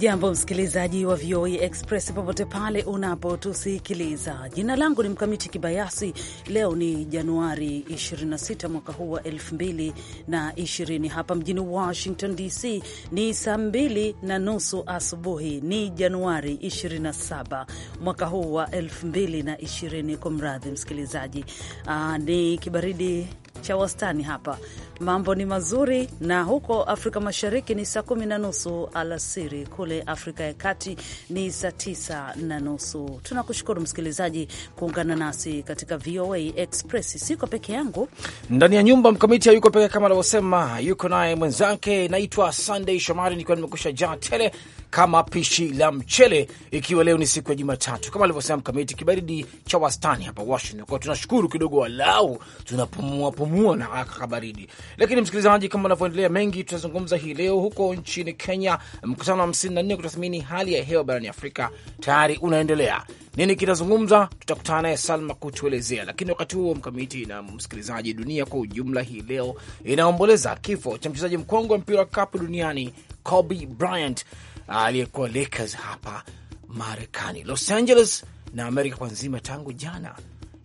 Hujambo msikilizaji wa VOA e Express popote pale unapotusikiliza. Jina langu ni Mkamiti Kibayasi. Leo ni Januari 26 mwaka huu wa 2020. Hapa mjini Washington DC ni saa mbili na nusu asubuhi. Ni Januari 27 mwaka huu wa 2020. Kumradhi msikilizaji, aa, ah, ni kibaridi cha wastani hapa Mambo ni mazuri, na huko Afrika Mashariki ni saa kumi na nusu alasiri, kule Afrika ya Kati ni saa tisa na nusu. Tunakushukuru msikilizaji kuungana nasi katika VOA Express. Siko peke yangu ndani ya nyumba, Mkamiti hayuko peke, kama anavyosema yuko naye mwenzake. Naitwa Sunday Shomari, nikiwa nimekusha jaa tele kama pishi la mchele, ikiwa leo ni siku ya Jumatatu kama alivyosema Mkamiti, kibaridi cha wastani hapa Washington. Kwa tunashukuru kidogo, walau tunapumuapumua na kabaridi lakini msikilizaji, kama unavyoendelea mengi tutazungumza hii leo. Huko nchini Kenya, mkutano wa 54 kutathmini hali ya hewa barani Afrika tayari unaendelea. Nini kinazungumza Tutakutana naye Salma kutuelezea, lakini wakati huo mkamiti na msikilizaji, dunia kwa ujumla hii leo inaomboleza kifo cha mchezaji mkongwe wa mpira wa kapu duniani Kobe Bryant aliyekuwa Lakers hapa Marekani, Los Angeles na Amerika kwa nzima tangu jana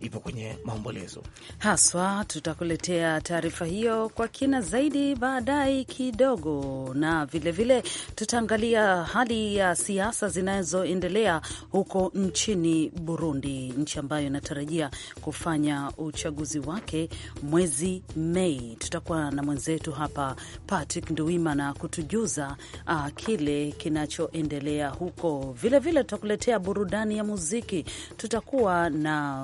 ipo kwenye maombolezo haswa. Tutakuletea taarifa hiyo kwa kina zaidi baadaye kidogo, na vilevile tutaangalia hali ya siasa zinazoendelea huko nchini Burundi, nchi ambayo inatarajia kufanya uchaguzi wake mwezi Mei. Tutakuwa na mwenzetu hapa Patrick Nduwimana kutujuza uh, kile kinachoendelea huko. Vilevile tutakuletea burudani ya muziki, tutakuwa na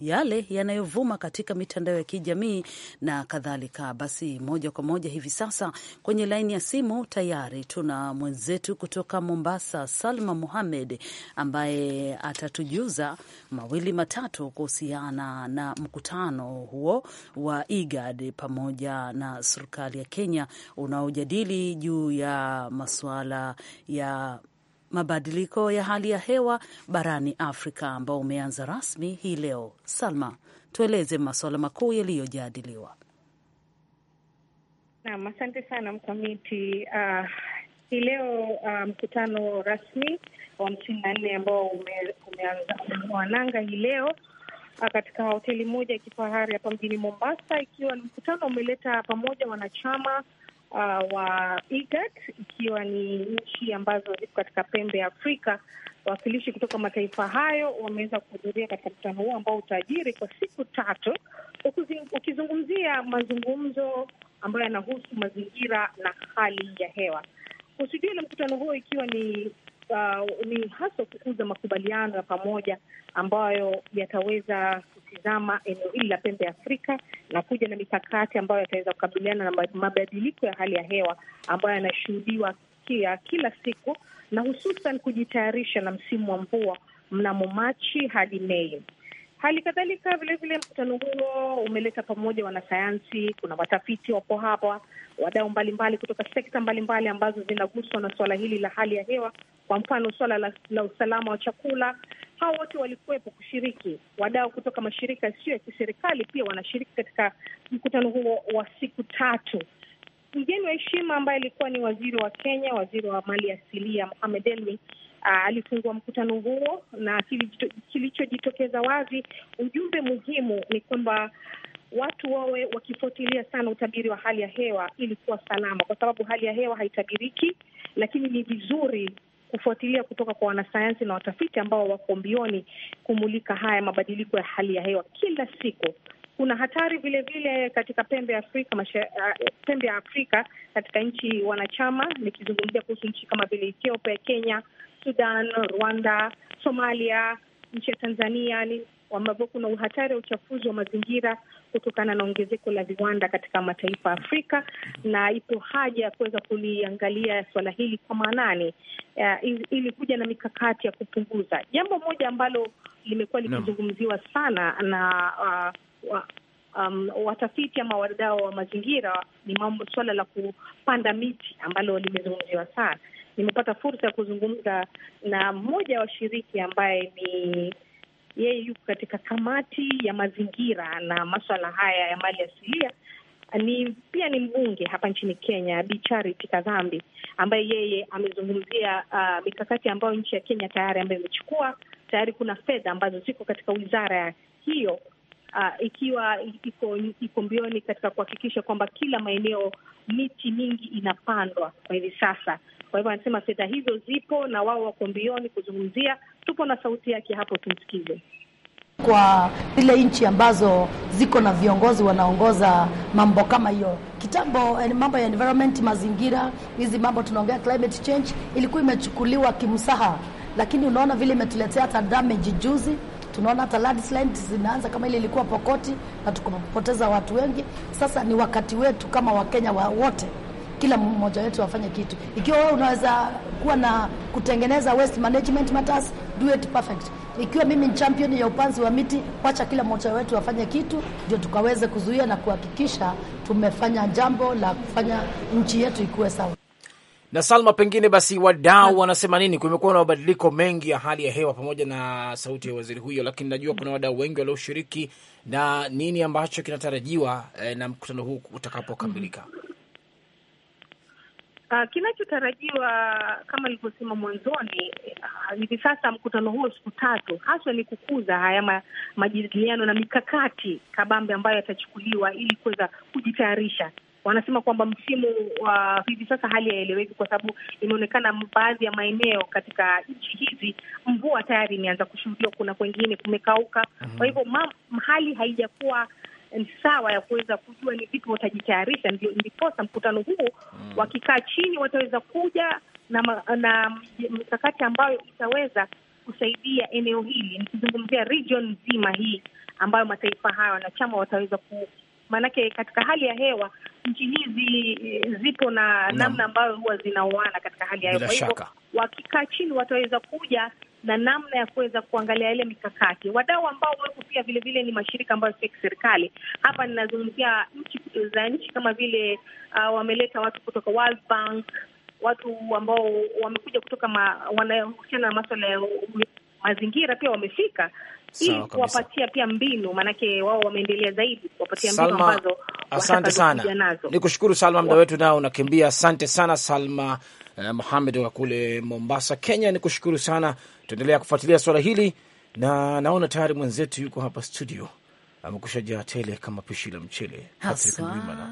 yale yanayovuma katika mitandao ya kijamii na kadhalika. Basi moja kwa moja hivi sasa kwenye laini ya simu tayari tuna mwenzetu kutoka Mombasa, Salma Muhamed, ambaye atatujuza mawili matatu kuhusiana na mkutano huo wa IGAD pamoja na serikali ya Kenya unaojadili juu ya masuala ya mabadiliko ya hali ya hewa barani Afrika ambao umeanza rasmi hii leo. Salma, tueleze masuala makuu yaliyojadiliwa. Naam, asante sana Mkamiti. Uh, hii leo ah, mkutano um, rasmi wa hamsini na nne ambao ume, umeanza wananga hii leo ah, katika hoteli moja ya kifahari hapa mjini Mombasa, ikiwa ni mkutano umeleta pamoja wanachama uh, wa IGAD e ikiwa ni nchi ambazo ziko katika pembe ya Afrika. Wawakilishi kutoka mataifa hayo wameweza kuhudhuria katika mkutano huo ambao utajiri kwa siku tatu, ukizungumzia mazungumzo ambayo yanahusu mazingira na hali ya hewa. Kusudio la mkutano huo ikiwa ni uh, ni haswa kukuza makubaliano ya pamoja ambayo yataweza kutizama eneo hili la pembe ya Afrika na kuja na mikakati ambayo yataweza kukabiliana na mabadiliko ya hali ya hewa ambayo yanashuhudiwa kia kila siku na hususan kujitayarisha na msimu wa mvua mnamo Machi hadi Mei. Hali kadhalika vilevile, mkutano huo umeleta pamoja wanasayansi, kuna watafiti wapo hapa, wadau mbalimbali kutoka sekta mbalimbali ambazo zinaguswa na suala hili la hali ya hewa, kwa mfano suala la, la usalama wa chakula. hawa wote walikuwepo kushiriki. Wadau kutoka mashirika yasiyo ya kiserikali pia wanashiriki katika mkutano huo wa siku tatu. Mgeni wa heshima ambaye alikuwa ni waziri wa Kenya, waziri wa mali asilia Mohamed Elmi Uh, alifungua mkutano huo na kilichojitokeza wazi, ujumbe muhimu ni kwamba watu wawe wakifuatilia sana utabiri wa hali ya hewa ili kuwa salama, kwa sababu hali ya hewa haitabiriki, lakini ni vizuri kufuatilia kutoka kwa wanasayansi na watafiti ambao wako mbioni kumulika haya mabadiliko ya hali ya hewa kila siku, kuna hatari vile vile katika pembe ya Afrika uh, pembe ya Afrika katika nchi wanachama, nikizungumzia kuhusu nchi kama vile Ethiopia, Kenya, Sudan, Rwanda, Somalia, nchi ya Tanzania ni ambavyo kuna uhatari wa uchafuzi wa mazingira kutokana na ongezeko la viwanda katika mataifa ya Afrika, na ipo haja ya kuweza kuliangalia suala hili kwa maanani, uh, ili kuja na mikakati ya kupunguza. Jambo moja ambalo limekuwa likizungumziwa sana na uh, wa, um, watafiti ama wadau wa mazingira ni mambo suala la kupanda miti ambalo limezungumziwa sana. Nimepata fursa ya kuzungumza na mmoja wa shiriki ambaye ni yeye yuko katika kamati ya mazingira na maswala haya ya mali asilia ni pia ni mbunge hapa nchini Kenya, bichari tikadhambi ambaye yeye amezungumzia uh, mikakati ambayo nchi ya Kenya tayari ambayo imechukua tayari. Kuna fedha ambazo ziko katika wizara hiyo uh, ikiwa iko iko mbioni katika kuhakikisha kwamba kila maeneo miti mingi inapandwa kwa hivi sasa. Kwa hivyo anasema fedha hizo zipo na wao wako mbioni kuzungumzia. Tupo na sauti yake hapo, tumsikize. Kwa zile nchi ambazo ziko na viongozi wanaongoza mambo kama hiyo kitambo, eh, mambo ya environment, mazingira, hizi mambo tunaongea climate change, ilikuwa imechukuliwa kimsaha, lakini unaona vile imetuletea hata damage juzi Tunaona hata landslide zinaanza kama ile ilikuwa Pokoti, na tukapoteza watu wengi. Sasa ni wakati wetu kama Wakenya wa wote, kila mmoja wetu afanye kitu. Ikiwa wewe unaweza kuwa na kutengeneza waste management matters, do it perfect. Ikiwa mimi ni champion ya upanzi wa miti, wacha kila mmoja wetu afanye kitu, ndio tukaweze kuzuia na kuhakikisha tumefanya jambo la kufanya nchi yetu ikuwe sawa. Na Salma, pengine basi wadau wanasema nini? Kumekuwa na mabadiliko mengi ya hali ya hewa pamoja na sauti ya waziri huyo, lakini najua kuna wadau wengi walioshiriki. Na nini ambacho kinatarajiwa eh, na mkutano huu utakapokamilika? Uh, kinachotarajiwa kama ilivyosema mwanzoni, uh, hivi sasa mkutano huo siku tatu haswa ni kukuza haya ma, majadiliano na mikakati kabambe ambayo yatachukuliwa ili kuweza kujitayarisha wanasema kwamba msimu wa hivi sasa hali haieleweki, kwa sababu imeonekana baadhi ya maeneo katika nchi hizi mvua tayari imeanza kushuhudiwa, kuna kwengine kumekauka. Mhm. Kwa hivyo hali haijakuwa sawa ya kuweza kujua ni vipi watajitayarisha, ndiposa mkutano huu mhm. wakikaa chini wataweza kuja na na mikakati ambayo itaweza kusaidia eneo hili, nikizungumzia region nzima hii ambayo mataifa haya wanachama wataweza ku maanake katika hali ya hewa nchi hizi eh, zipo na namna ambayo huwa zinauana katika hali ya hewa. Kwa hivyo wakikaa chini wataweza kuja na namna ya kuweza kuangalia ile mikakati. Wadau ambao wako pia vile vile ni mashirika ambayo sio serikali. Hapa ninazungumzia nchi za nchi kama vile uh, wameleta watu kutoka World Bank, watu ambao wamekuja kutoka wanahusiana na maswala ya mazingira pia wamefika ili kuwapatia pia mbinu, maanake wao wameendelea zaidi kuwapatia mbinu ambazo. Asante sana, kushukuru Salma, muda wetu nao unakimbia. Asante sana Salma eh, Muhamed wa kule Mombasa, Kenya, ni kushukuru sana. Tuendelea kufuatilia swala hili na naona tayari mwenzetu yuko hapa studio amekusha jaa tele kama pishi la mchele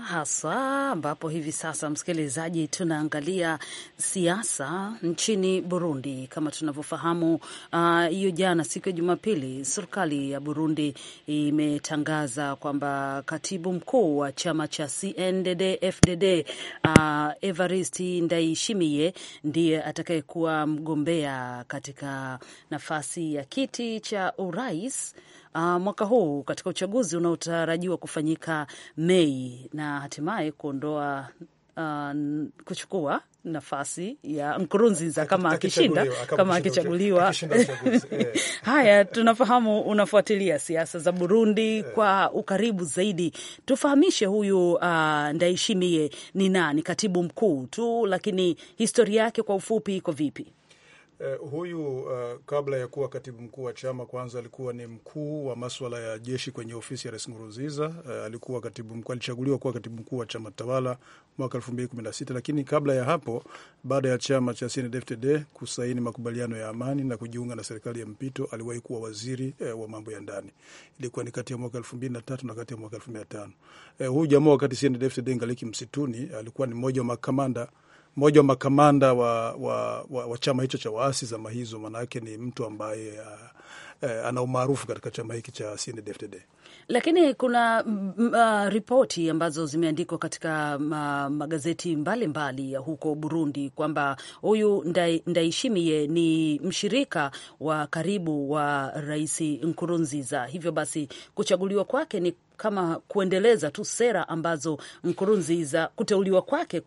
haswa, ambapo hivi sasa, msikilizaji, tunaangalia siasa nchini Burundi. Kama tunavyofahamu, uh, hiyo uh, jana siku ya Jumapili, serikali ya Burundi imetangaza kwamba katibu mkuu wa chama cha CNDD FDD uh, Evarist Ndaishimiye ndiye atakayekuwa mgombea katika nafasi ya kiti cha urais uh, mwaka huu katika uchaguzi unaotarajiwa kufanyika Mei na hatimaye kuondoa Uh, kuchukua nafasi ya Nkurunziza kama akishinda, kama akichaguliwa. Eh. Haya, tunafahamu unafuatilia siasa za Burundi eh. kwa ukaribu zaidi. Tufahamishe huyu uh, ah, Ndayishimiye ni nani, katibu mkuu tu, lakini historia yake kwa ufupi iko vipi? Eh, huyu uh, kabla ya kuwa katibu mkuu wa chama kwanza alikuwa ni mkuu wa maswala ya jeshi kwenye ofisi ya Rais Nkurunziza. Uh, alikuwa katibu mkuu, alichaguliwa kuwa katibu mkuu wa chama tawala mwaka 2016, lakini kabla ya hapo, baada ya chama cha CNDD-FDD kusaini makubaliano ya amani na kujiunga na serikali ya mpito, aliwahi kuwa waziri eh, wa mambo ya ndani. Ilikuwa ni kati ya mwaka 2003 na kati ya mwaka 2005. Eh, huyu jamaa wakati CNDD-FDD ingaliki msituni, alikuwa ni mmoja wa makamanda mmoja wa makamanda wa, wa, wa, wa chama hicho cha waasi zama hizo, maanake ni mtu ambaye uh, uh, ana umaarufu katika chama hiki cha CNDD-FDD lakini kuna mm, uh, ripoti ambazo zimeandikwa katika ma, uh, magazeti mbalimbali mbali huko Burundi kwamba huyu Ndayishimiye ni mshirika wa karibu wa Rais Nkurunziza, hivyo basi kuchaguliwa kwake ni kama kuendeleza tu sera ambazo Nkurunziza kuteuliwa kwake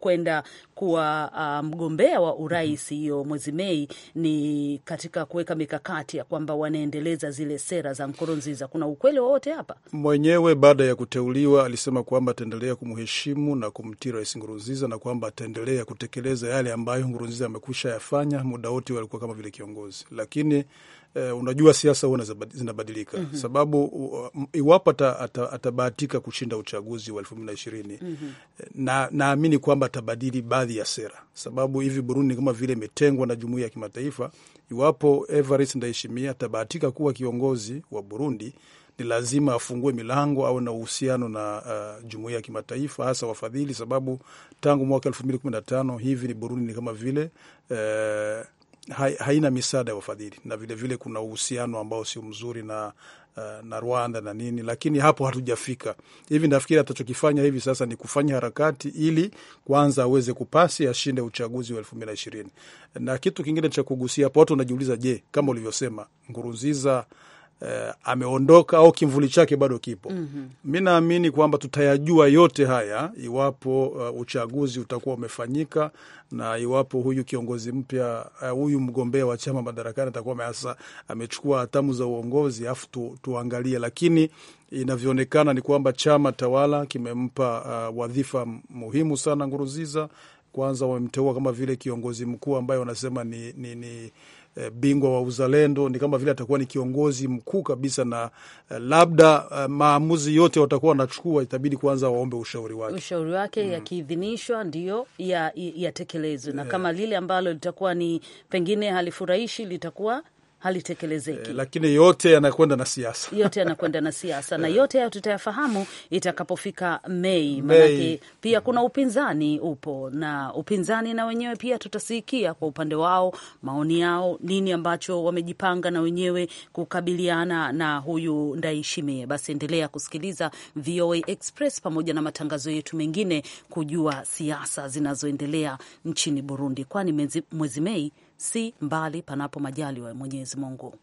kwenda ku, ku, kuwa ah, mgombea wa urais hiyo mwezi Mei ni katika kuweka mikakati ya kwamba wanaendeleza zile sera za Nkurunziza. Kuna ukweli wowote hapa? Mwenyewe baada ya kuteuliwa alisema kwamba ataendelea kumheshimu na kumtii Rais Nkurunziza na kwamba ataendelea kutekeleza yale ambayo Nkurunziza amekwisha yafanya muda wote alikuwa kama vile kiongozi, lakini eh, unajua siasa huwa zinabadilika mm -hmm. Sababu uh, iwapo atabahatika kushinda uchaguzi wa elfu mbili na ishirini mm -hmm. naamini kwamba atabadili baadhi ya sera, sababu hivi Burundi kama vile imetengwa na jumuiya ya kimataifa. Iwapo Evariste Ndayishimiye atabahatika kuwa kiongozi wa Burundi ni lazima afungue milango au na uhusiano na uh, jumuiya ya kimataifa hasa wafadhili, sababu tangu mwaka elfu mbili kumi na tano hivi ni Burundi ni kama vile uh, haina misaada ya ufadhili na vilevile vile kuna uhusiano ambao sio mzuri na eh, na Rwanda na nini, lakini hapo hatujafika. Hivi nafikiri atachokifanya hivi sasa ni kufanya harakati ili kwanza aweze kupasi ashinde uchaguzi wa elfu mbili na ishirini. Na kitu kingine cha kugusia hapo, watu wanajiuliza, je, kama ulivyosema Ngurunziza eh, ameondoka au kimvuli chake bado kipo. mm -hmm. Mi naamini kwamba tutayajua yote haya iwapo uh, uchaguzi utakuwa umefanyika na iwapo huyu kiongozi mpya uh, huyu mgombea wa chama madarakani atakuwa measa amechukua hatamu za uongozi, afu tu, tuangalie, lakini inavyoonekana ni kwamba chama tawala kimempa uh, wadhifa muhimu sana Nguruziza. Kwanza wamemteua kama vile kiongozi mkuu ambaye wanasema ni, ni, ni e, bingwa wa uzalendo, ni kama vile atakuwa ni kiongozi mkuu kabisa, na e, labda e, maamuzi yote watakuwa wanachukua, itabidi kwanza waombe ushauri wake, ushauri wake mm. yakiidhinishwa ndiyo yatekelezwe ya, na kama lile ambalo litakuwa ni pengine halifurahishi litakuwa halitekelezeki E, lakini yote yanakwenda na siasa yote yanakwenda na siasa na eh. yote hayo tutayafahamu itakapofika Mei, manake pia kuna upinzani upo, na upinzani na wenyewe pia tutasikia kwa upande wao maoni yao, nini ambacho wamejipanga na wenyewe kukabiliana na huyu ndaishimie Basi endelea kusikiliza VOA Express pamoja na matangazo yetu mengine kujua siasa zinazoendelea nchini Burundi, kwani mwezi Mei si mbali panapo majaliwa Mwenyezi Mungu.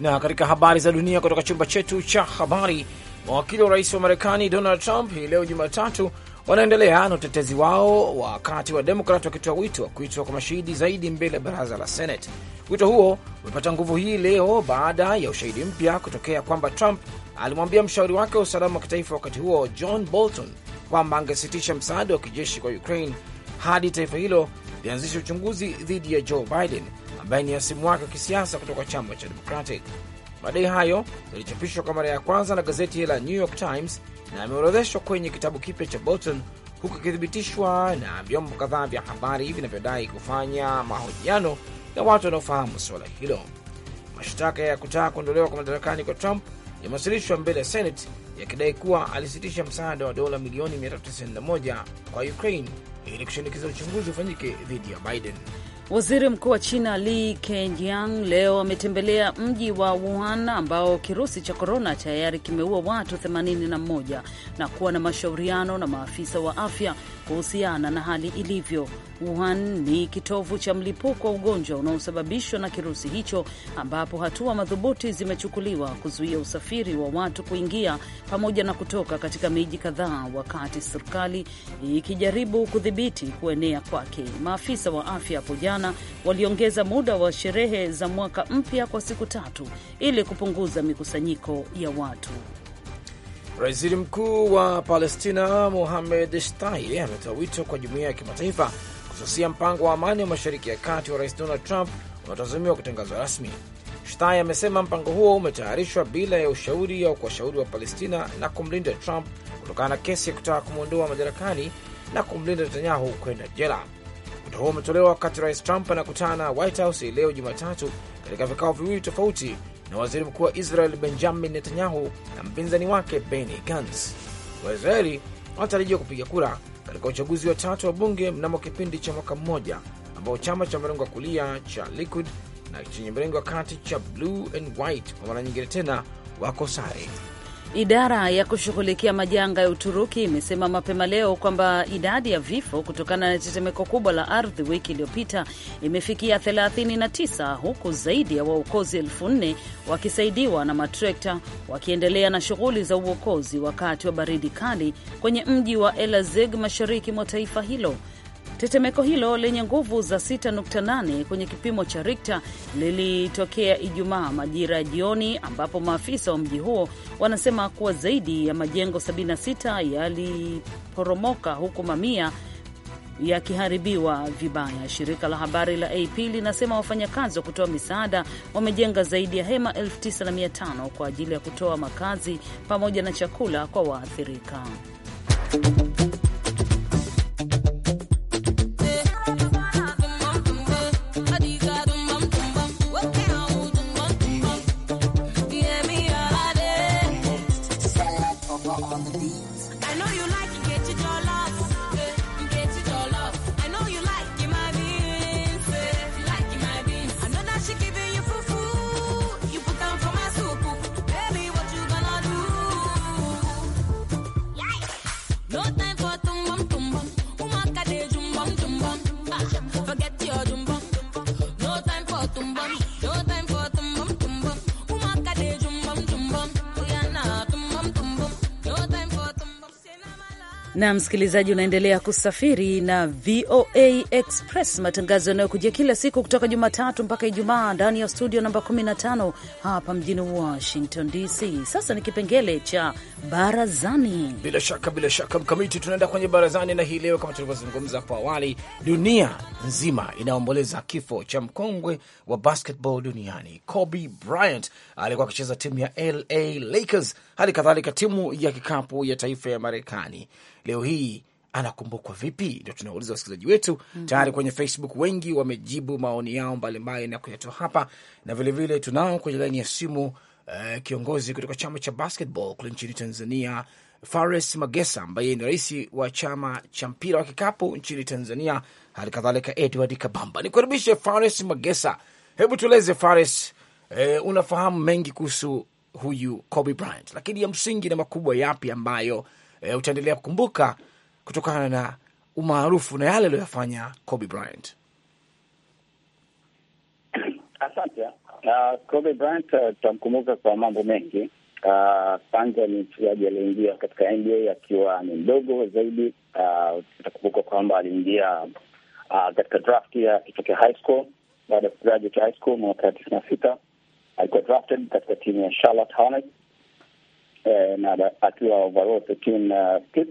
Na katika habari za dunia kutoka chumba chetu cha habari, mawakili wa rais wa Marekani Donald Trump hii leo Jumatatu wanaendelea na utetezi wao, wakati wa Demokrat wakitoa wito wa kuitwa kwa mashahidi zaidi mbele ya baraza la Senate. Wito huo umepata nguvu hii leo baada ya ushahidi mpya kutokea kwamba Trump alimwambia mshauri wake wa usalama wa kitaifa wakati huo John Bolton kwamba angesitisha msaada wa kijeshi kwa Ukraine hadi taifa hilo lianzisha uchunguzi dhidi ya Joe Biden ambaye ni hasimu wake wa kisiasa kutoka chama cha Democratic. Madai hayo yalichapishwa kwa mara ya kwanza na gazeti la New York Times na yameorodheshwa kwenye kitabu kipya cha Bolton, huku ikithibitishwa na vyombo kadhaa vya habari vinavyodai kufanya mahojiano na watu wanaofahamu suala hilo. Mashtaka ya kutaka kuondolewa kwa madarakani kwa Trump yamewasilishwa mbele ya Senate yakidai kuwa alisitisha msaada wa dola milioni 391 kwa Ukraine ili kushinikiza uchunguzi ufanyike dhidi ya Biden. Waziri Mkuu wa China Li Keqiang leo ametembelea mji wa Wuhan ambao kirusi cha korona tayari kimeua watu 81 na kuwa na mashauriano na maafisa wa afya kuhusiana na hali ilivyo. Wuhan ni kitovu cha mlipuko wa ugonjwa unaosababishwa na kirusi hicho, ambapo hatua madhubuti zimechukuliwa kuzuia usafiri wa watu kuingia pamoja na kutoka katika miji kadhaa, wakati serikali ikijaribu kudhibiti kuenea kwake. Maafisa wa afya hapo jana jana waliongeza muda wa sherehe za mwaka mpya kwa siku tatu ili kupunguza mikusanyiko ya watu. Waziri mkuu wa Palestina muhamed shtai ametoa wito kwa jumuiya ya kimataifa kususia mpango wa amani wa mashariki ya kati wa rais Donald Trump unaotazamiwa kutangazwa rasmi. shtai amesema mpango huo umetayarishwa bila ya ushauri au kuwashauri wa Palestina na kumlinda Trump kutokana na kesi ya kutaka kumwondoa madarakani na kumlinda Netanyahu kwenda jela. Wito huo umetolewa wakati Rais Trump anakutana White House leo Jumatatu katika vikao viwili tofauti na waziri mkuu wa Israel Benjamin Netanyahu na mpinzani wake Benny Gantz. Waisraeli wanatarajiwa kupiga kura katika uchaguzi wa tatu wa bunge mnamo kipindi cha mwaka mmoja ambao chama cha mrengo wa kulia cha Likud na chenye mrengo wa kati cha Blue and White kwa mara nyingine tena wako sare. Idara ya kushughulikia majanga ya Uturuki imesema mapema leo kwamba idadi ya vifo kutokana na tetemeko kubwa la ardhi wiki iliyopita imefikia 39 huku zaidi ya waokozi elfu nne wakisaidiwa na matrekta wakiendelea na shughuli za uokozi wakati wa baridi kali kwenye mji wa Elazig mashariki mwa taifa hilo. Tetemeko hilo lenye nguvu za 6.8 kwenye kipimo cha Rikta lilitokea Ijumaa majira ya jioni, ambapo maafisa wa mji huo wanasema kuwa zaidi ya majengo 76 yaliporomoka huku mamia yakiharibiwa vibaya. Shirika la habari la AP linasema wafanyakazi wa kutoa misaada wamejenga zaidi ya hema 9500 kwa ajili ya kutoa makazi pamoja na chakula kwa waathirika. na msikilizaji, unaendelea kusafiri na VOA Express, matangazo yanayokujia kila siku kutoka Jumatatu mpaka Ijumaa ndani ya studio namba 15 hapa mjini Washington DC. Sasa ni kipengele cha barazani. Bila shaka, bila shaka, Mkamiti, tunaenda kwenye barazani, na hii leo kama tulivyozungumza hapo awali, dunia nzima inaomboleza kifo cha mkongwe wa basketball duniani Kobe Bryant. Alikuwa akicheza timu ya LA Lakers, hali kadhalika timu ya kikapu ya taifa ya Marekani leo hii anakumbukwa vipi? Ndio tunauliza wasikilizaji wetu mm -hmm. Tayari kwenye Facebook wengi wamejibu maoni yao mbalimbali na kuyatoa hapa, na vilevile tunao kwenye laini ya simu uh, kiongozi kutoka chama cha basketball kule nchini Tanzania Fares Magesa ambaye ni rais wa chama cha mpira wa kikapu nchini Tanzania, hali kadhalika Edward Kabamba. Nikukaribishe Fares Magesa, hebu tueleze Fares, eh, unafahamu mengi kuhusu huyu Kobe Bryant, lakini ya msingi na makubwa yapi ambayo e, utaendelea kukumbuka kutokana na umaarufu na yale aliyoyafanya Kobe Bryant. Asante. Uh, Kobe Bryant ah, tutamkumbuka uh, kwa mambo mengi. Ah, kwanza uh, ni mchezaji aliyeingia katika NBA akiwa ni mdogo zaidi. Utakumbuka uh, kwamba aliingia uh, katika draft ya kitokea high school. Baada ya kugraduate high school mwaka tisini na sita alikuwa drafted katika timu ya Charlotte Hornets eh, na akiwa overall 13 uh, pick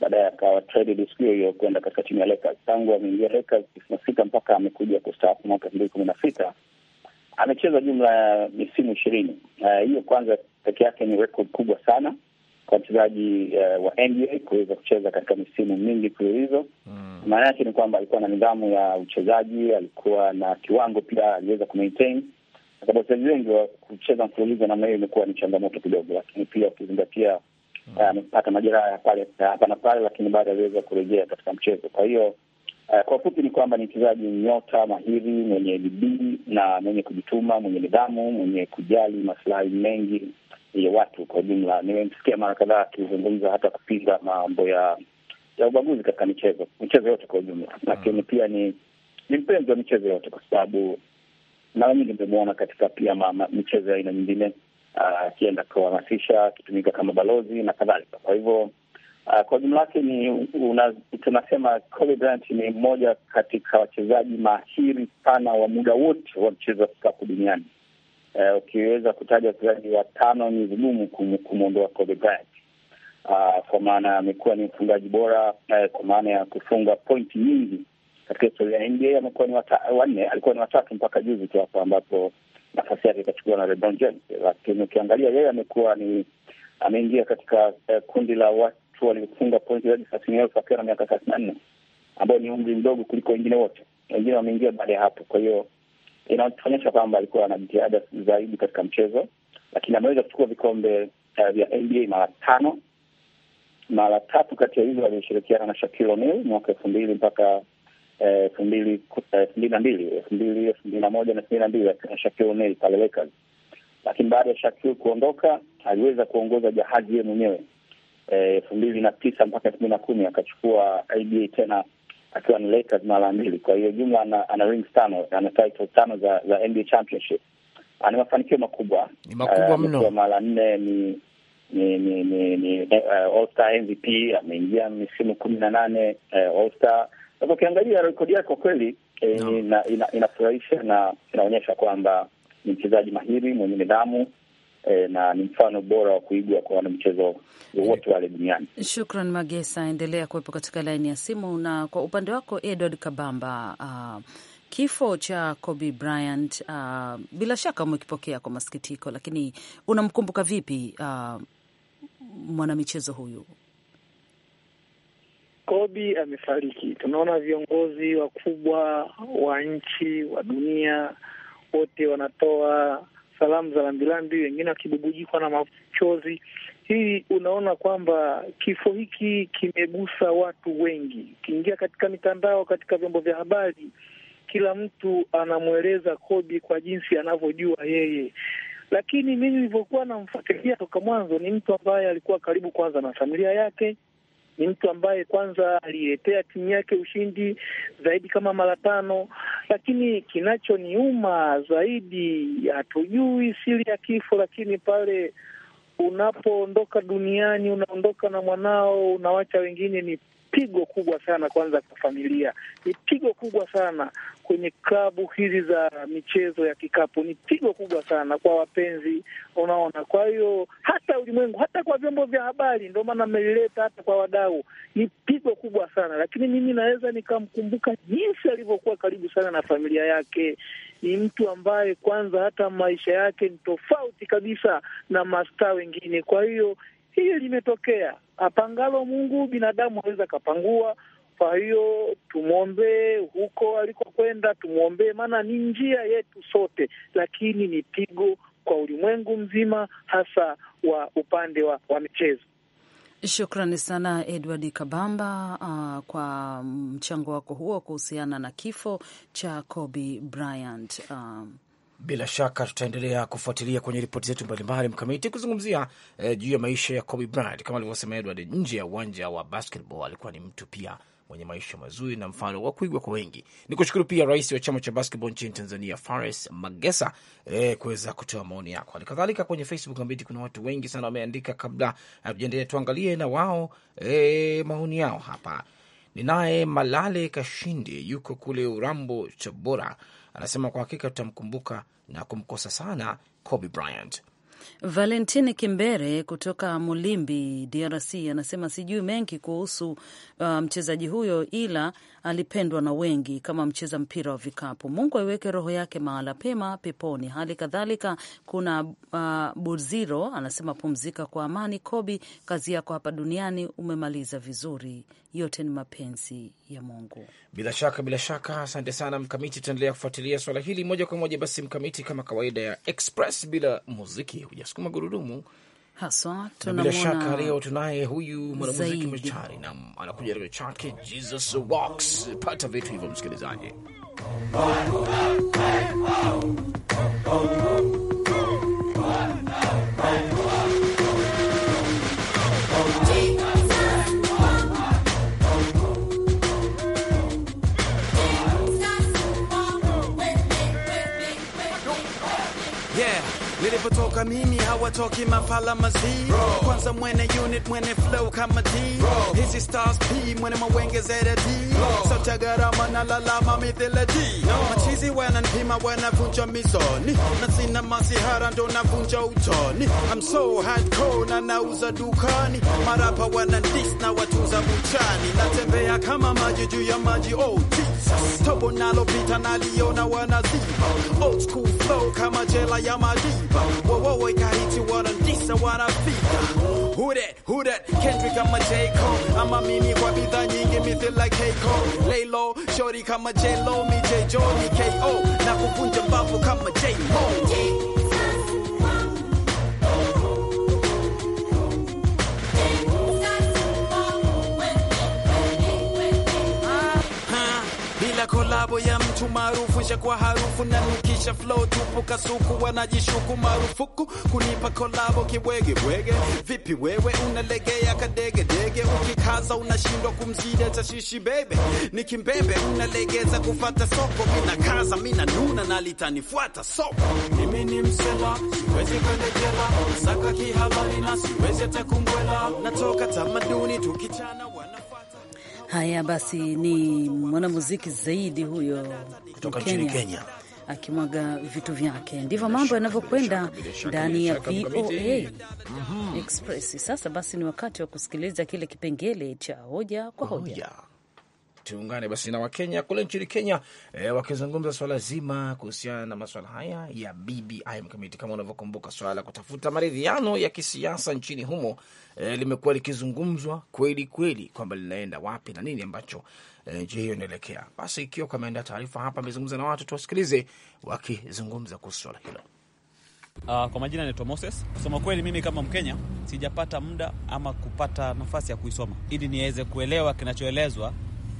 baadaye akawa traded siku hiyo kwenda katika timu ya Lakers. Tangu ameingia Lakers tisini na sita mpaka amekuja kustaafu mwaka elfu mbili kumi na sita amecheza jumla ya misimu ishirini. Uh, hiyo kwanza peke yake ni rekod kubwa sana kwa mchezaji uh, wa NBA kuweza kucheza katika misimu mingi mfululizo. Mm. Maana yake ni kwamba alikuwa na nidhamu ya uchezaji, alikuwa na kiwango pia aliweza kumaintain sababu wachezaji wengi wa kucheza mfululizo namna hiyo imekuwa ni changamoto kidogo, lakini pia ukizingatia hmm. eh, amepata uh, majeraha ya pale eh, hapa na pale, lakini baada aliweza kurejea katika mchezo. Kwa hiyo uh, kwa ufupi ni kwamba ni mchezaji nyota mahiri, mwenye bidii na mwenye kujituma, mwenye nidhamu, mwenye kujali masilahi mengi ya watu kwa jumla. Nimemsikia mara kadhaa akizungumza hata kupinga mambo ya ya ubaguzi katika michezo michezo yote kwa ujumla, hmm. lakini pia ni ni mpenzi wa michezo yote kwa sababu mara nyingi tumemwona katika pia michezo ya aina nyingine, ah, akienda uh, kuhamasisha, akitumika kama balozi na kadhalika. Kwa hivyo uh, kwa jumla yake ni tunasema Kobe Bryant ni mmoja katika wachezaji mahiri sana wa muda wote wa mchezo wa kikapu duniani. Uh, ukiweza kutaja wachezaji watano ni vigumu kumwondoa Kobe Bryant. Uh, kwa maana amekuwa ni mfungaji bora uh, kwa maana ya kufunga pointi nyingi katika historia ya NBA amekuwa ni wanne, alikuwa ni watatu mpaka juzi tu hapo ambapo nafasi yake ikachukuliwa na LeBron James. Lakini ukiangalia yeye amekuwa ni ameingia katika eh, kundi la watu waliofunga pointi zaidi thelathini elfu akiwa na miaka thelathini na nne ambayo ni umri mdogo kuliko wengine wote. Wengine wameingia baada ya hapo, kwa hiyo inatuonyesha kwamba alikuwa na jitihada zaidi katika mchezo, lakini ameweza kuchukua vikombe uh, vya NBA mara tano. Mara tatu kati ya hizo aliyoshirikiana na Shaquille O'Neal mwaka elfu mbili mpaka elfu mbili elfu mbili na mbili elfu mbili elfu mbili na moja na elfu mbili na mbili akiwa na pale Lakers, lakini baada ya Shakil kuondoka aliweza kuongoza jahazi yeye mwenyewe e, elfu mbili na tisa mpaka elfu mbili na kumi akachukua IBA tena akiwa ni Lakers mara mbili. Kwa hiyo jumla ana, ana rings tano, ana title tano za, za NBA championship. Ana mafanikio makubwa makubwa e, mno. Mara nne ni ni ni ni, ni uh, All Star MVP. Ameingia misimu kumi na nane uh, All Star sasa ukiangalia rekodi yake kwa kweli e, no. ina, ina, inafurahisha na inaonyesha kwamba ni mchezaji mahiri mwenye nidhamu e, na ni mfano bora wa kuigwa kwa wanamchezo wowote wale duniani. Shukran Magesa, endelea kuwepo katika laini ya simu. Na kwa upande wako Edward Kabamba, uh, kifo cha Kobe Bryant uh, bila shaka umekipokea kwa masikitiko, lakini unamkumbuka vipi uh, mwanamichezo huyu? Kobi amefariki. Tunaona viongozi wakubwa wa nchi wa dunia wote wanatoa salamu za lambilambi, wengine wakibubujikwa na machozi. Hii unaona kwamba kifo hiki kimegusa watu wengi. Ukiingia katika mitandao, katika vyombo vya habari, kila mtu anamweleza Kobi kwa jinsi anavyojua yeye lakini mimi nilivyokuwa namfuatilia toka mwanzo, ni mtu ambaye alikuwa karibu kwanza na familia yake, ni mtu ambaye kwanza aliletea timu yake ushindi zaidi kama mara tano, lakini kinachoniuma zaidi, hatujui siri ya kifo, lakini pale unapoondoka duniani unaondoka na mwanao, unawacha wengine ni pigo kubwa sana kwanza kwa familia, ni pigo kubwa sana kwenye klabu hizi za michezo ya kikapu, ni pigo kubwa sana kwa wapenzi, unaona. Kwa hiyo hata ulimwengu, hata kwa vyombo vya habari, ndio maana mmelileta hata kwa wadau, ni pigo kubwa sana. Lakini mimi naweza nikamkumbuka jinsi alivyokuwa karibu sana na familia yake. Ni mtu ambaye kwanza hata maisha yake ni tofauti kabisa na mastaa wengine, kwa hiyo hiyo limetokea. Apangalo Mungu, binadamu aweza akapangua. Kwa hiyo tumwombee huko alikokwenda, tumwombee, maana ni njia yetu sote, lakini ni pigo kwa ulimwengu mzima, hasa wa upande wa, wa michezo. Shukrani sana Edward Kabamba uh, kwa mchango wako huo kuhusiana na kifo cha Kobe Bryant um. Bila shaka tutaendelea kufuatilia kwenye ripoti zetu mbalimbali mkamiti kuzungumzia e, juu ya maisha ya Kobe Bryant. Kama alivyosema Edward, nje ya uwanja wa basketball alikuwa ni mtu pia mwenye maisha mazuri na mfano wa kuigwa kwa wengi. Ni kushukuru pia rais wa chama cha basketball nchini Tanzania Fares Magesa e, kuweza kutoa maoni yako. Hali kadhalika kwenye Facebook ambiti kuna watu wengi sana wameandika. Kabla hatujaendelea, tuangalie na wao e, maoni yao hapa. Ni naye Malale Kashindi, yuko kule Urambo, Tabora, anasema kwa hakika tutamkumbuka na kumkosa sana Kobe Bryant. Valentine Kimbere kutoka Mulimbi, DRC anasema sijui mengi kuhusu uh, mchezaji huyo, ila alipendwa na wengi kama mcheza mpira wa vikapu. Mungu aiweke roho yake mahala pema peponi. Hali kadhalika kuna uh, Buziro anasema pumzika kwa amani Kobi, kazi yako hapa duniani umemaliza vizuri, yote ni mapenzi ya Mungu. Bila shaka, bila shaka, asante sana Mkamiti. Tutaendelea kufuatilia swala hili moja kwa moja. Basi Mkamiti, kama kawaida ya Express, bila muziki hujasukuma gurudumu haswa. Bila shaka, leo tunaye huyu mwanamuziki machari nam anakuja leo chake Jesus Walks. Pata vitu hivyo, msikilizaji nilipotoka mimi hawatoki mafala mazii kwanza mwene unit mwene flow kama D hizi stars P mwene mawengezera D sauti ya gharama na lalama mithile D machizi wananipima wanavunja mizoni na sina masihara ndo navunja utoni I'm so hardcore na nauza dukani marapa wanandis na watunza buchani natembea kama maji juu ya maji oh, tobo nalopita naliona wanaziba old school flow kama jela ya madiba wowowo ikaitiwa na ndisa wanafika who that who that Kendrick ama J Cole ama mimi kwa bidhaa nyingi mithi like K.O. Cole lay low shorty kama J Lo mi J Joe mi K O na kuvunja mbavu kama J Mo labo ya mtu maarufu nsha kwa harufu na nikisha flow tupu kasuku wanajishuku marufuku kunipa kolabo kibwegebwege vipi wewe unalegea kadegedege ukikaza unashindwa kumzida tashishi bebe nikimbebe unalegeza kufata soko mina minanuna nalitanifuata soko mimi ni msela siwezi kulegela saka kihalali na siwezi atakumbwela natoka tamaduni tukichana wa Haya basi, ni mwanamuziki zaidi huyo kutoka nchini Kenya akimwaga vitu vyake. Ndivyo mambo yanavyokwenda ndani ya VOA Express. Sasa basi, ni wakati wa kusikiliza kile kipengele cha hoja kwa hoja tuungane basi na Wakenya kule nchini Kenya e, wakizungumza swala zima kuhusiana na maswala haya ya BBI mkamiti. Kama unavyokumbuka swala la kutafuta maridhiano ya kisiasa nchini humo e, limekuwa likizungumzwa kweli kweli kwamba linaenda wapi na nini ambacho e, nchi hiyo inaelekea. Basi ikiwa kameandaa taarifa hapa, amezungumza na watu, tuwasikilize wakizungumza kuhusu swala hilo. Uh, kwa majina naitwa Moses. Kusema kweli, mimi kama Mkenya sijapata muda ama kupata nafasi ya kuisoma ili niweze kuelewa kinachoelezwa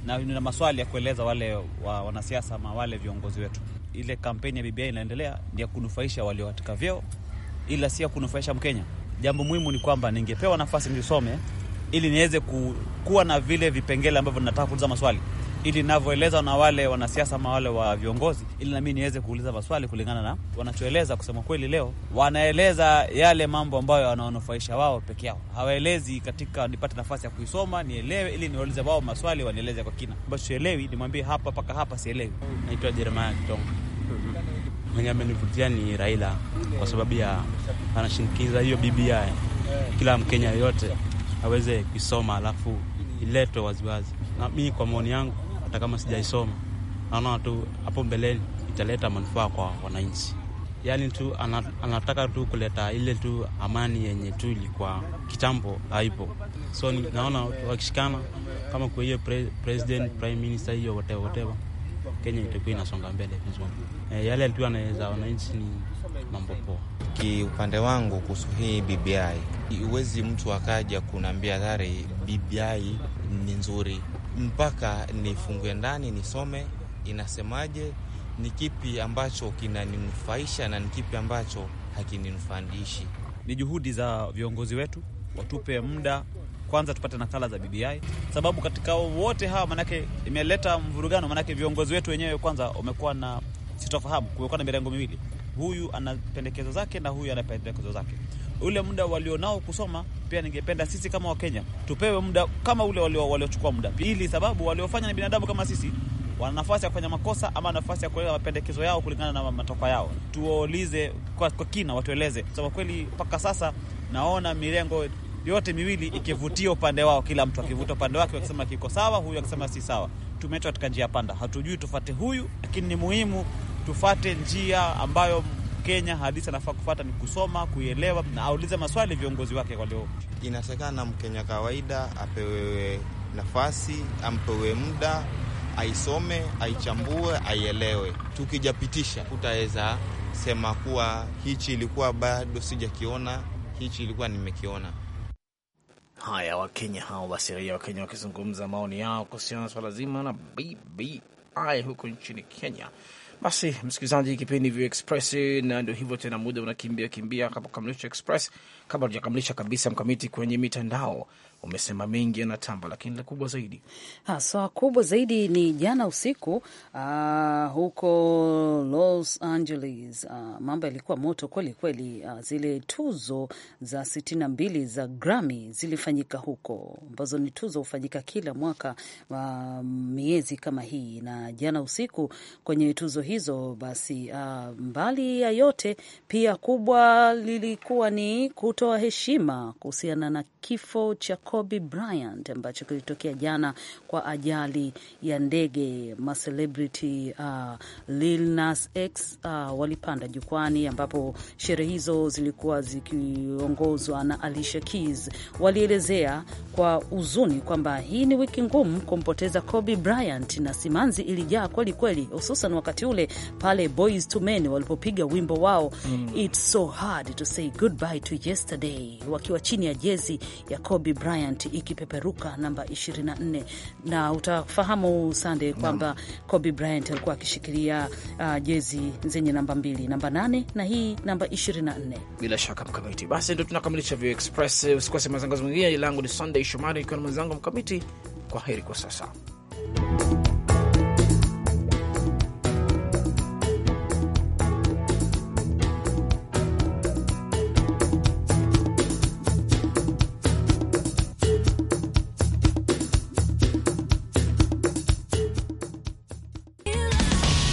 na nina maswali ya kueleza wale wa wanasiasa ama wale viongozi wetu. Ile kampeni ya BBI inaendelea ni ya kunufaisha walio katika vyeo, ila si ya kunufaisha Mkenya. Jambo muhimu ni kwamba ningepewa nafasi nisome ili niweze kuwa na vile vipengele ambavyo ninataka kuuliza maswali ili inavyoelezwa na wale wanasiasa ama wale wa viongozi, ili nami niweze kuuliza maswali kulingana na wanachoeleza. Kusema kweli, leo wanaeleza yale mambo ambayo wanaonufaisha wao peke yao, hawaelezi katika. Nipate nafasi ya kuisoma nielewe, ili niwaulize wao maswali, wanieleze kwa kina. Ambacho sielewi nimwambie hapa mpaka hapa sielewi. Naitwa Jeremaya Kitongo. Mwenye amenivutia ni Raila kwa sababu ya anashinikiza hiyo BBI kila Mkenya yoyote aweze kuisoma, alafu iletwe waziwazi. Na mimi kwa maoni yangu hata kama sijaisoma. Naona tu hapo mbeleni italeta manufaa kwa wananchi. Yani tu anataka tu kuleta ile tu amani yenye tu ilikuwa kitambo haipo. So naona wakishikana kama kwa hiyo pre, president prime minister hiyo wote wote, Kenya itakuwa inasonga mbele vizuri. E, yale tu anaweza wananchi ni mambo poa. Kiupande wangu kuhusu hii BBI, iwezi mtu akaja kunaambia dhari BBI ni nzuri mpaka nifungue ndani nisome inasemaje, ni kipi ambacho kinaninufaisha na ni kipi ambacho hakininufaishi. Ni juhudi za viongozi wetu watupe muda kwanza tupate nakala za BBI sababu katika wote hawa manake imeleta mvurugano, manake viongozi wetu wenyewe kwanza wamekuwa na sitofahamu, kumekuwa na mirengo miwili, huyu ana pendekezo zake na huyu ana pendekezo zake ule muda walionao kusoma pia ningependa sisi kama Wakenya tupewe muda kama ule waliochukua muda, ili sababu waliofanya ni binadamu kama sisi, wana nafasi ya kufanya makosa ama nafasi ya kuelewa mapendekezo yao kulingana na matoka yao. Tuwaulize kwa, kwa kina, watueleze sababu kweli. Mpaka sasa naona mirengo yote miwili ikivutia upande wao, kila mtu akivuta upande wake, akisema kiko sawa, huyu akisema si sawa. Tumeachwa katika njia panda, hatujui tufate huyu, lakini ni muhimu tufate njia ambayo Mkenya hadithi anafaa kufata ni kusoma, kuielewa na aulize maswali viongozi wake walio. Inatakana Mkenya kawaida apewe nafasi, ampewe muda, aisome, aichambue, aielewe. Tukijapitisha utaweza sema kuwa hichi ilikuwa bado sijakiona, hichi ilikuwa nimekiona. Haya, Wakenya hao basi, raia Wakenya wakizungumza maoni yao kuhusiana na swala zima na BBI huko nchini Kenya. Basi msikilizaji, kipindi vya Express na ndio hivyo tena, muda unakimbia kimbia hapo kamilisha Express kabla tujakamilisha kabisa, mkamiti kwenye mitandao umesema mengi yanatamba, lakini la kubwa zaidi haswa, so kubwa zaidi ni jana usiku uh, huko Los Angeles uh, mambo yalikuwa moto kweli kweli. Uh, zile tuzo za sitini na mbili za Grammy zilifanyika huko, ambazo ni tuzo hufanyika kila mwaka wa uh, miezi kama hii, na jana usiku kwenye tuzo hizo basi, uh, mbali ya yote pia kubwa lilikuwa ni kuto kutoa heshima kuhusiana na kifo cha Kobe Bryant ambacho kilitokea jana kwa ajali ya ndege. Macelebrity uh, Lil Nas X uh, walipanda jukwani, ambapo sherehe hizo zilikuwa zikiongozwa na Alicia Keys. Walielezea kwa huzuni kwamba hii ni wiki ngumu kumpoteza Kobe Bryant, na simanzi ilijaa kweli kweli, hususan wakati ule pale Boys to Men walipopiga wimbo wao mm. It's so hard to say goodbye to yes Yesterday wakiwa chini ya jezi ya Kobe Bryant ikipeperuka namba 24, na utafahamu Sande kwamba Kobe Bryant alikuwa akishikilia uh, jezi zenye namba mbili, namba 8 na hii namba 24. Bila shaka Mkamiti, basi ndo tunakamilisha View Express. Usikose matangazo mengine. langu ni Sunday Shomari ikiwa na mwenzangu Mkamiti. Kwa heri kwa sasa.